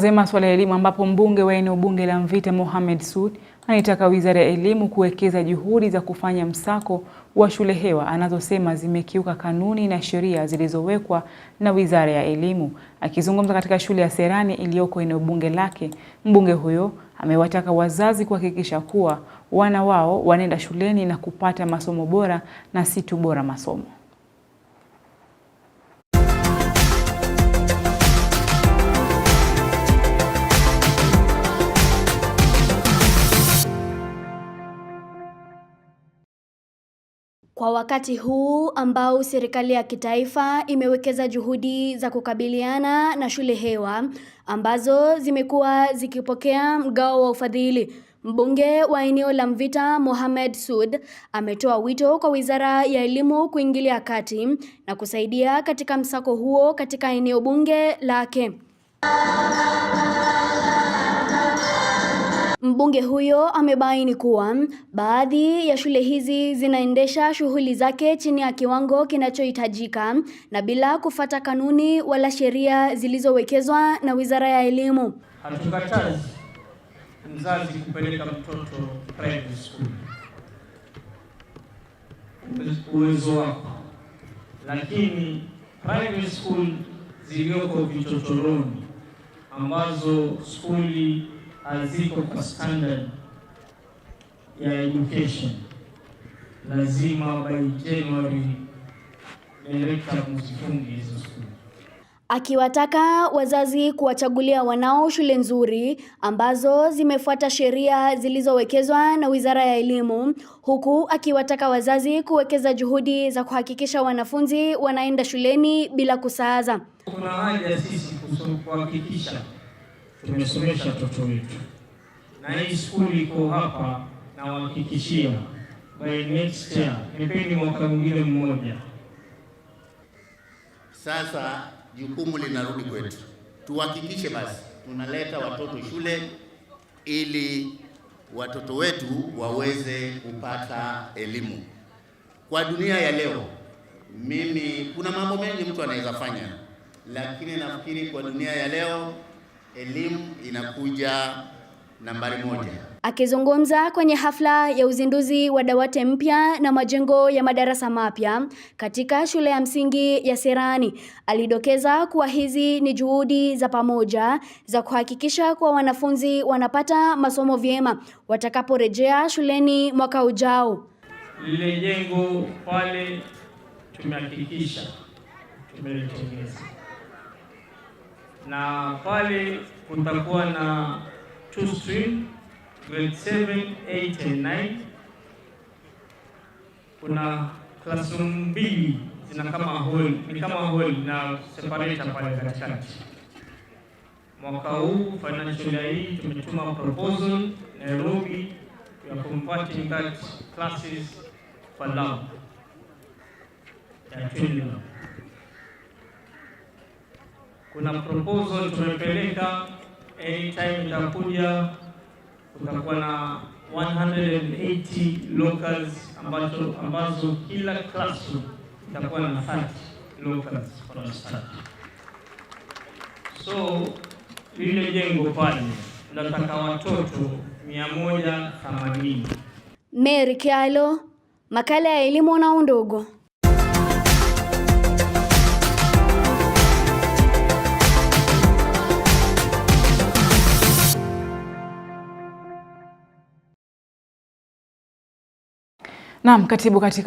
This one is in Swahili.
Ze masuala ya elimu ambapo mbunge wa eneo bunge la Mvita Mohamed sud anaitaka Wizara ya Elimu kuwekeza juhudi za kufanya msako wa shule hewa anazosema zimekiuka kanuni na sheria zilizowekwa na Wizara ya Elimu. Akizungumza katika shule ya Serani iliyoko eneo bunge lake, mbunge huyo amewataka wazazi kuhakikisha kuwa wana wao wanaenda shuleni na kupata masomo bora na si tu bora masomo. Kwa wakati huu ambao serikali ya kitaifa imewekeza juhudi za kukabiliana na shule hewa ambazo zimekuwa zikipokea mgao wa ufadhili, mbunge wa eneo la Mvita Mohamed sud ametoa wito kwa Wizara ya Elimu kuingilia kati na kusaidia katika msako huo katika eneo bunge lake. Mbunge huyo amebaini kuwa baadhi ya shule hizi zinaendesha shughuli zake chini ya kiwango kinachohitajika na bila kufata kanuni wala sheria zilizowekezwa na Wizara ya Elimu. Hatukatazi mzazi kupeleka mtoto private school, uwezo wako, lakini private school zilizoko vichochoroni ambazo skuli haziko kwa standard ya education. Lazima by January director msifunge hizo shule. Akiwataka wazazi kuwachagulia wanao shule nzuri ambazo zimefuata sheria zilizowekezwa na Wizara ya Elimu, huku akiwataka wazazi kuwekeza juhudi za kuhakikisha wanafunzi wanaenda shuleni bila kusaaza. Kuna haja sisi kuhakikisha tumesomesha watoto wetu, na hii skuli iko hapa, na wahakikishia by next year, nipeni mwaka mwingine mmoja. Sasa jukumu linarudi kwetu, tuhakikishe basi tunaleta watoto shule ili watoto wetu waweze kupata elimu. Kwa dunia ya leo, mimi kuna mambo mengi mtu anaweza fanya, lakini nafikiri kwa dunia ya leo elimu inakuja nambari moja. Akizungumza kwenye hafla ya uzinduzi wa dawati mpya na majengo ya madarasa mapya katika shule ya msingi ya Serani, alidokeza kuwa hizi ni juhudi za pamoja za kuhakikisha kuwa wanafunzi wanapata masomo vyema watakaporejea shuleni mwaka ujao. Lile jengo pale tumehakikisha tumelitengeneza na pale kutakuwa na two stream grade 7, 8 and 9. Kuna classroom mbili zina kama hall, ni kama hall na separator pale katikati. Mwaka huu financial year hii tumetuma proposal Nairobi ya converting that classes for lab ya twin kuna proposal tumepeleka, anytime itakuja, kutakuwa na 180 locals ambazo, ambazo kila classroom itakuwa na 30 locals for start. So lile jengo pale nataka watoto 180. Mary Kyalo, makala ya elimu na Undugu. Naam, katibu katika